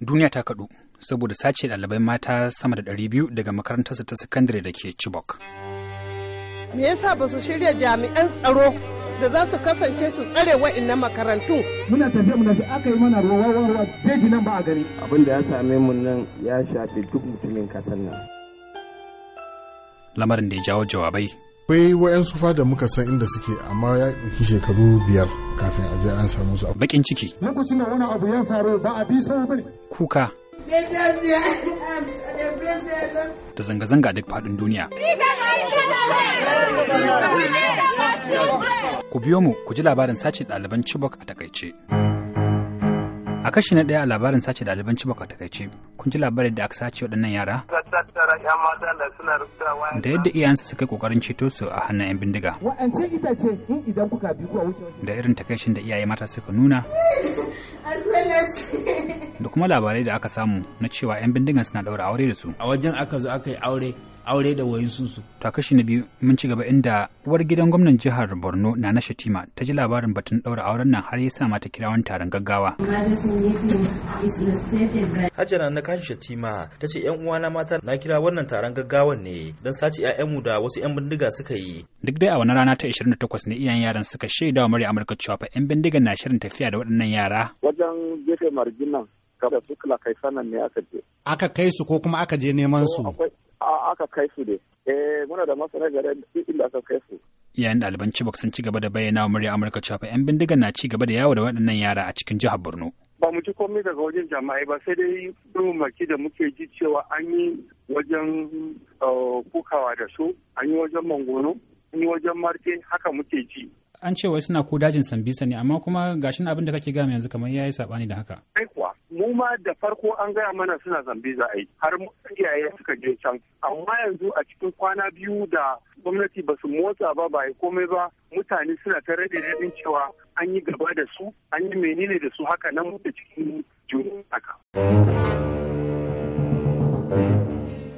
Duniya ta kaɗu saboda sace ɗalibai mata sama da ɗari biyu daga makarantarsa ta sakandare da ke Chibok. Me yasa ba su shirya jami'an tsaro da za su kasance su tsare wa'annan makarantu. Muna tafiya muna shi aka yi mana ruwa ruwa jeji nan ba a gani. Abin da ya same mu nan ya shafi duk mutumin kasar nan. Lamarin da ya jawo jawabai akwai wayansu fada muka san inda suke amma ya ɗauki shekaru biyar kafin a je an samu su bakin ciki lokacin da wani abu ya faru ba a bi sau bane kuka da zanga-zanga duk faɗin duniya ku biyo mu ku ji labarin sace ɗaliban chibok a takaice. A kashi na ɗaya a labarin sace ɗaliban Chibok takaice, kun ji labarin da aka sace waɗannan yara? Da yadda iyayensu suka yi ƙoƙarin ceto su a hannun 'yan bindiga. Da irin takaicin da iyaye mata suka nuna. Da kuma labarai da aka samu na cewa 'yan bindigan suna ɗaura aure da su. A wajen aka zo aka yi aure aure da wayansunsu. Ta kashi na biyu mun ci gaba inda uwar gidan gwamnan jihar Borno na na Shatima ta ji labarin batun ɗaura auren nan har ya sa mata kira taron gaggawa. Hajjana na kashi Shatima ta ce ‘yan uwana mata na kira wannan taron gaggawan ne don sace ‘ya'yanmu da wasu ‘yan bindiga suka yi. Duk dai a wani rana ta 28 ne iyayen yaran suka shaida wa murya Amurka cewa fa ‘yan bindigan na shirin tafiya da waɗannan yara. Wajen gefe marginan kada su kula kai sanan ne aka je. Aka kai su ko kuma aka je neman su? aka kai su ne eh muna da masana gare inda aka kai su yayin ɗaliban Chibok sun ci gaba da bayyana wa murya Amurka cewa 'yan bindigan na ci gaba da yawo da waɗannan yara a cikin jihar Borno. Ba mu ci komai daga wajen jama'ai ba sai dai maki da muke ji cewa an yi wajen uh, kukawa da su, an yi wajen mangono, an yi wajen marke haka muke ji. An ce wai suna ko dajin sambisa ne amma kuma gashin abin da kake gama yanzu kamar ya yi da haka. Ai kuwa mu ma da farko an gaya mana suna zambe za a yi har iyaye suka je can amma yanzu a cikin kwana biyu da gwamnati ba su motsa ba ba komai ba mutane suna ta rade radin cewa an yi gaba da su an yi menene da su haka nan da cikin juna haka.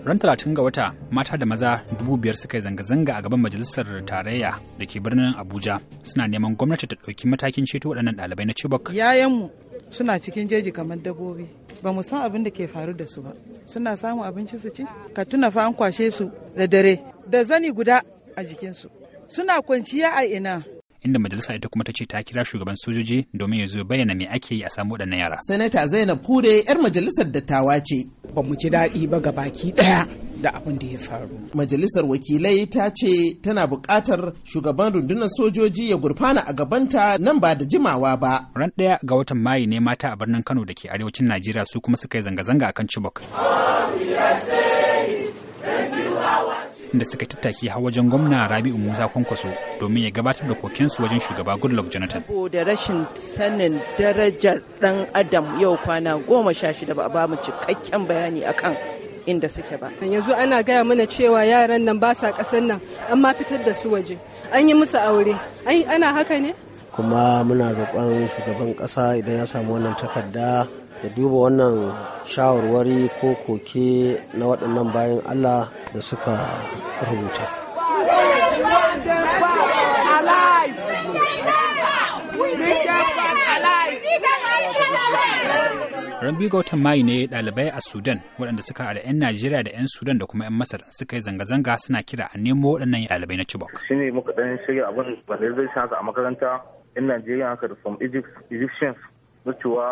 ran talatin ga wata mata da maza dubu biyar suka yi zanga-zanga a gaban majalisar tarayya da ke birnin abuja suna neman gwamnati ta ɗauki matakin ceto waɗannan ɗalibai na cibok yayanmu suna cikin jeji kamar dabbobi ba mu san abin da ke faru da su ba suna samun abinci su ci ka tuna fa an kwashe su da dare da zani guda a jikinsu suna kwanciya a ina inda majalisa ita kuma ta ce ta kira shugaban sojoji domin ya zo bayyana me ake yi a samu waɗannan yara. Sanata Zainab Kure 'yar majalisar dattawa ce. Ba mu ji daɗi ba ga baki ɗaya da abin da ya faru. Majalisar wakilai ta ce tana buƙatar shugaban rundunar sojoji ya gurfana a gabanta nan ba da jimawa ba. Ran ɗaya ga watan Mayu ne mata a birnin Kano da ke arewacin Najeriya su kuma suka yi zanga-zanga a kan Chibok. Oh, inda suka tattaki har wajen gwamna Rabi'u Musa Kwankwaso domin ya gabatar da kokensu wajen shugaba Goodluck Jonathan. Saboda rashin sanin darajar dan Adam yau kwana goma sha shida ba a bamu cikakken bayani akan inda suke ba. Yanzu ana gaya mana cewa yaran nan ba sa kasan nan an ma fitar da su waje an yi musu aure ana haka ne? Kuma muna roƙon shugaban ƙasa idan ya samu wannan takarda ka duba wannan shawarwari ko koke na waɗannan bayan Allah da suka rubuta. Rambi ga watan Mayu ne ɗalibai a Sudan waɗanda suka haɗa 'yan Najeriya da 'yan Sudan da kuma 'yan Masar suka yi zanga-zanga suna kira a nemo waɗannan ɗalibai na Chibok. Shi ne muka ɗan shirya abin da zai a makaranta 'yan Najeriya haka da from Egypt, Egyptians na cewa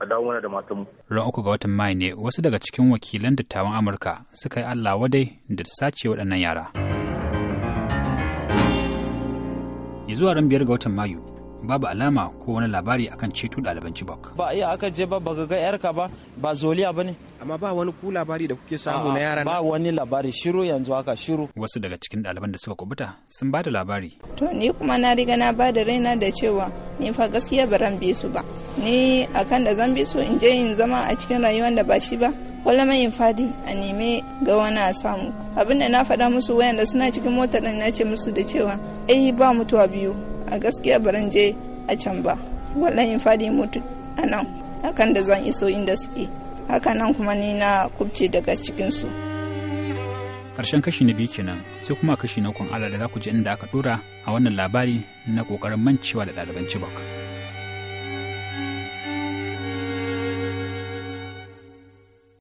a dawo mana da mu. Ran uku ga watan Mai ne wasu daga cikin wakilan dattawan Amurka suka yi Allah wadai da sace waɗannan yara. Zuwa ran biyar ga watan Mayu, babu alama ko wani labari akan ceto ɗaliban Chibok. Ba iya aka je ba baka ga yarka ba ba zoliya ba ne. Amma ba wani ku labari da kuke samu na yaran. Ba wani labari shiru yanzu haka shiru. Wasu daga cikin ɗaliban da suka kubuta sun ba labari. To ni kuma na riga na ba da raina da cewa ni fa gaskiya ba ran bi su ba. Ni akan da zan bi su in je in zama a cikin rayuwar da ba shi ba. wala mai fadi a neme ga wani a samu abinda na faɗa musu wayanda suna cikin motar na ce musu da cewa eh ba mutuwa biyu a gaskiya baran je a can ba wallahi in fadi mutu a nan hakan da zan iso inda suke hakanan nan kuma ni na kubce daga cikinsu ƙarshen kashi na biyu kenan sai kuma kashi na kun ala da za ku ji inda aka dora a wannan labari na ƙoƙarin mancewa da ɗaliban Chibok.